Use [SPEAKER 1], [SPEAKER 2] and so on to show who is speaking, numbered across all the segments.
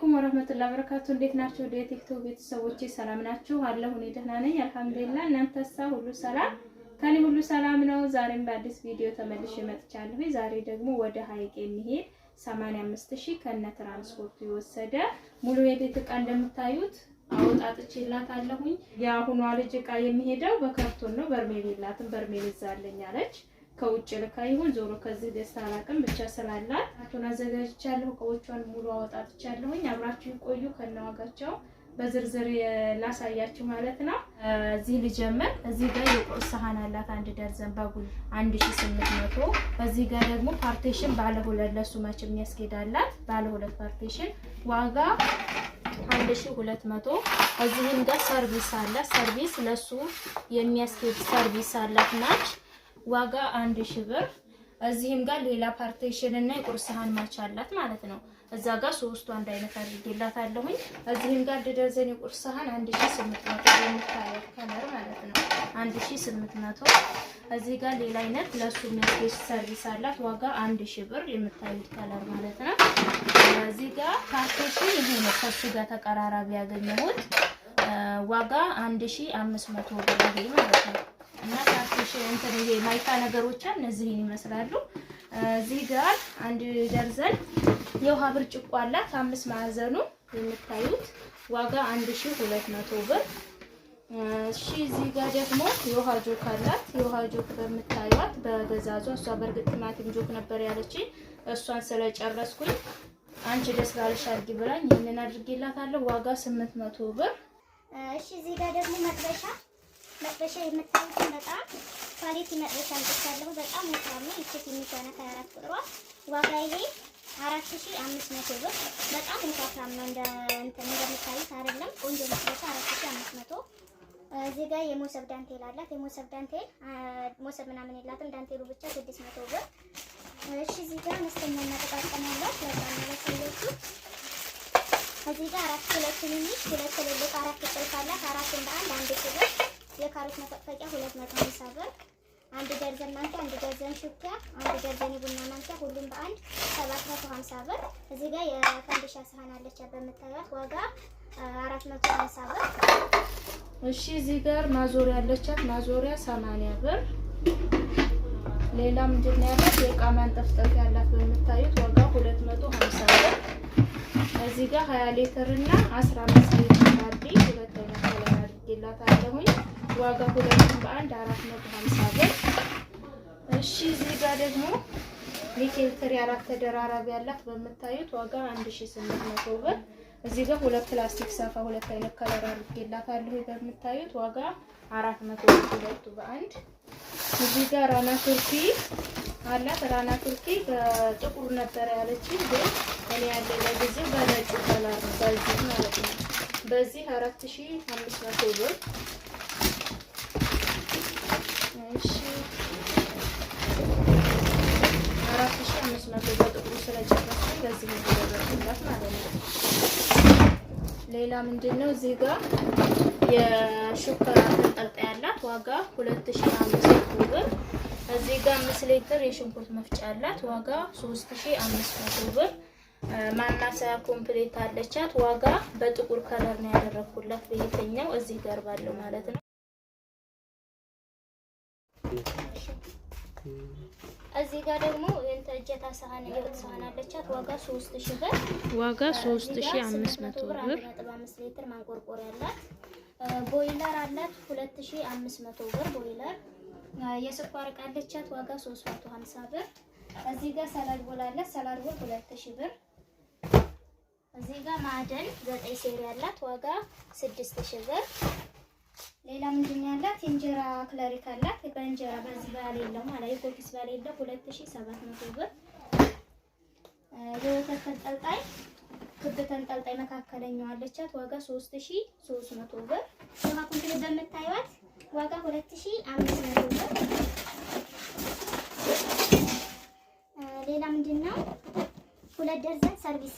[SPEAKER 1] አለይኩም ወረህመቱላሂ በረካቱ እንዴት ናችሁ? ወደ ቲክቶክ ቤተሰቦቼ ሰላም ናችሁ? አለሁ እኔ ደህና ነኝ አልሐምዱሊላህ። እናንተሳ ሁሉ ሰላም? ከኔ ሁሉ ሰላም ነው። ዛሬም በአዲስ ቪዲዮ ተመልሼ መጥቻለሁ። ዛሬ ደግሞ ወደ ሀይቅ የሚሄድ 85000 ከነ ትራንስፖርቱ የወሰደ ሙሉ የቤት ዕቃ እንደምታዩት አወጣጥቼላታለሁኝ። የአሁኗ ልጅ ዕቃ የሚሄደው በካርቶን ነው። በርሜል የላትም፣ በርሜል ይዛለኝ አለች። ከውጭ ልካ ይሁን ዞሮ ከዚህ ደስታ አላቅም ብቻ ስላላት አቶን አዘጋጅቻለሁ። እቃዎቿን ሙሉ አወጣጥቻለሁኝ። አብራችሁ ቆዩ ከነዋጋቸው በዝርዝር ላሳያችሁ ማለት ነው። እዚህ ልጀምር። እዚህ ጋር የቁርስ ሳህን አላት አንድ ደርዘን በጉል 1800። በዚህ ጋር ደግሞ ፓርቴሽን ባለ ሁለት ለሱ መች የሚያስጌድ ባለ ሁለት ፓርቴሽን ዋጋ 1200። እዚህም ጋር ሰርቪስ አላት። ሰርቪስ ለሱ የሚያስጌድ ሰርቪስ አላት ናች ዋጋ አንድ ሺህ ብር። እዚህም ጋር ሌላ ፓርቴሽን እና የቁርስ ሳህን ማች አላት ማለት ነው። እዛ ጋር ሶስቱ አንድ አይነት አድርጌላት አለሁኝ። እዚህም ጋር ደደርዘን የቁርስ ሳህን አንድ ስምንት መቶ የምታየው ከለር ማለት ነው አንድ ስምንት መቶ እዚህ ጋር ሌላ አይነት ለሱ የሚያስጌስ ሰርቪስ አላት ዋጋ አንድ 1000 ብር የምታዩት ከለር ማለት ነው። እዚህ ጋር ፓርቴሽን ይሄ ነው ከሱ ጋር ተቀራራቢ ያገኘሁት ዋጋ አንድ አምስት መቶ ብር ይሄ ማለት ነው። እና ታክሽ እንትን ይሄ ማይካ ነገሮች እነዚህን ይመስላሉ። እዚህ ጋር አንድ ደርዘን የውሃ ብርጭቆ አላት አምስት ማዕዘኑ የምታዩት ዋጋ 1200 ብር። እሺ እዚህ ጋር ደግሞ የውሃ ጆክ አላት። የውሃ ጆክ በምታዩት በገዛዟ እሷ በእርግጥ ቲማቲም ጆክ ነበር ያለች እሷን ስለጨረስኩኝ አንቺ ደስ ባለሽ አድርጊ ብላኝ ይህንን አድርጌላታለሁ። ዋጋ 800 ብር።
[SPEAKER 2] እሺ እዚህ ጋር ደግሞ መጥበሻ መጥበሻ የምታዩትን በጣም ኳሊቲ መጥበሻ አምጥቻለሁ። በጣም ወፍራም ነው። ይቺ ትንሿ አራት ቁጥሯ ዋጋ ይሄ አራት ሺ አምስት መቶ ብር። በጣም ወፍራም ነው እንደምታዩት አይደለም። ቆንጆ መጥበሻ አራት ሺ አምስት መቶ እዚህ ጋር የሞሰብ ዳንቴል አላት። የሞሰብ ዳንቴል ሞሰብ ምናምን የላትም። ዳንቴሉ ብቻ ስድስት መቶ ብር። እሺ እዚህ ጋር አነስተኛ እና ጥቃቅን አላት። በጣም ያለሰለች እዚህ ጋር አራት ሁለት ትንሽ ሁለት ትልልቅ አራት ጥልፍ አላት። አራት እንደ አንድ አንድ የካሮት መፈቅፈቂያ 250 ብር፣ አንድ ደርዘን ማንኪያ፣ አንድ ደርዘን ሹኪያ፣ አንድ ደርዘን የቡና ማንኪያ፣ ሁሉም በአንድ 750 ብር። እዚህ ጋር የፈንዲሻ ሳህን አለች በምታዩት ዋጋ 450 ብር።
[SPEAKER 1] እሺ እዚህ ጋር ማዞሪያ አለቻት ማዞሪያ 80 ብር። ሌላ ምንድን ነው ያላት? የእቃ ማንጠፍጠፊያ ያላት በምታዩት ዋጋ 250 ብር። እዚህ ጋር 20 ሊትር እና 15 ሊትር ባልዲ ሁለት አይነት አድርጌላታለሁኝ። ዋጋ ሁለቱም በአንድ አራት መቶ ሀምሳ ብር። እሺ እዚህ ጋር ደግሞ ኒኬል ትሪ አራት ተደራራቢ ያላት በምታዩት ዋጋ አንድ ሺ ስምንት መቶ ብር። እዚህ ጋር ሁለት ፕላስቲክ ሰፋ ሁለት አይነት ከለር አድርጌላታለሁ በምታዩት ዋጋ አራት መቶ ሁለቱ በአንድ። እዚህ ጋር ራና ቱርኪ አላት። ራና ቱርኪ በጥቁር ነበረ ያለችኝ፣ ግን እኔ ያለ ለጊዜው በነጭ ከለር ነው ማለት ነው በዚህ 4500 ብር እሺ፣ 4500 ነው። ምንድነው እዚህ ጋር የሹከራ ተጠልጣይ ያላት ዋጋ 2500 ብር። እዚህ ጋር 5 ሊትር የሽንኩርት መፍጫ ያላት ዋጋ 3500 ብር ማናሰያ ኮምፕሌት አለቻት። ዋጋ በጥቁር ከለር ነው ያደረኩላት በየትኛው እዚህ ጋር ባለው ማለት ነው።
[SPEAKER 2] እዚህ ጋር ደግሞ እጀታ ሰሃን የወጥ ሰሃን አለቻት። ዋጋ 3000 ብር
[SPEAKER 1] ዋጋ 3500 ብር
[SPEAKER 2] 5 ሊትር ማንቆርቆር ያላት ቦይለር አላት 2500 ብር ቦይለር። የስኳር ዕቃ አለቻት ዋጋ 350 ብር። እዚህ ጋር ሰላድ ቦል አለ። ሰላድ ቦል 2000 ብር ጋር ማደን ዘጠኝ ሴሪ ያላት ዋጋ ስድስት ሺህ ብር። ሌላ ምንድን ያላት የእንጀራ ክለሪክ አላት። በእንጀራ በዚህ ባል የለው ማለት የኮፊስ ባል የለው ሁለት ሺህ ሰባት መቶ ብር። የወተት ተንጠልጣይ ክብ ተንጠልጣይ መካከለኛው አለቻት ዋጋ ሶስት ሺህ ሶስት መቶ ብር። ውሃ ኩንትል በምታዩት ዋጋ ሁለት ሺህ አምስት መቶ ብር። ሌላ ምንድን ነው ሁለት ደርዘን ሰርቪስ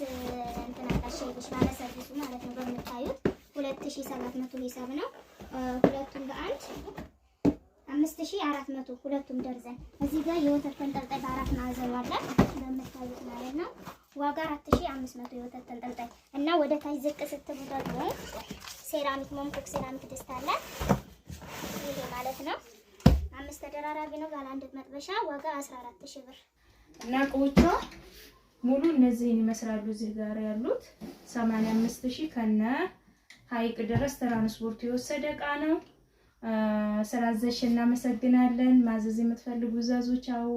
[SPEAKER 2] ሸይቦች ባለሰርቪሱ ማለት ነው። በምታዩት 2700 መቶ ሂሳብ ነው። ሁለቱም በአንድ 5400 ሁለቱም ደርዘን። እዚህ ጋር የወተት ተንጠልጣይ በአራት ማዕዘን አለ በምታዩት ማለት ነው። ዋጋ 4500 የወተት ተንጠልጣይ እና ወደ ታች ዝቅ ስትሉ ደግሞ ሴራሚክ ሞምኮክ ሴራሚክ ድስት አለ። ይሄ ማለት ነው አምስት ተደራራቢ ነው። ባለ አንድ መጥበሻ ዋጋ 14000 ብር
[SPEAKER 1] እና ቁጭቶ ሙሉ እነዚህን ይመስላሉ። እዚህ ጋር ያሉት 85000 ከነ ሀይቅ ድረስ ትራንስፖርት የወሰደ እቃ ነው። ስላዘሽ እናመሰግናለን። ማዘዝ የምትፈልጉ ዘዞች አው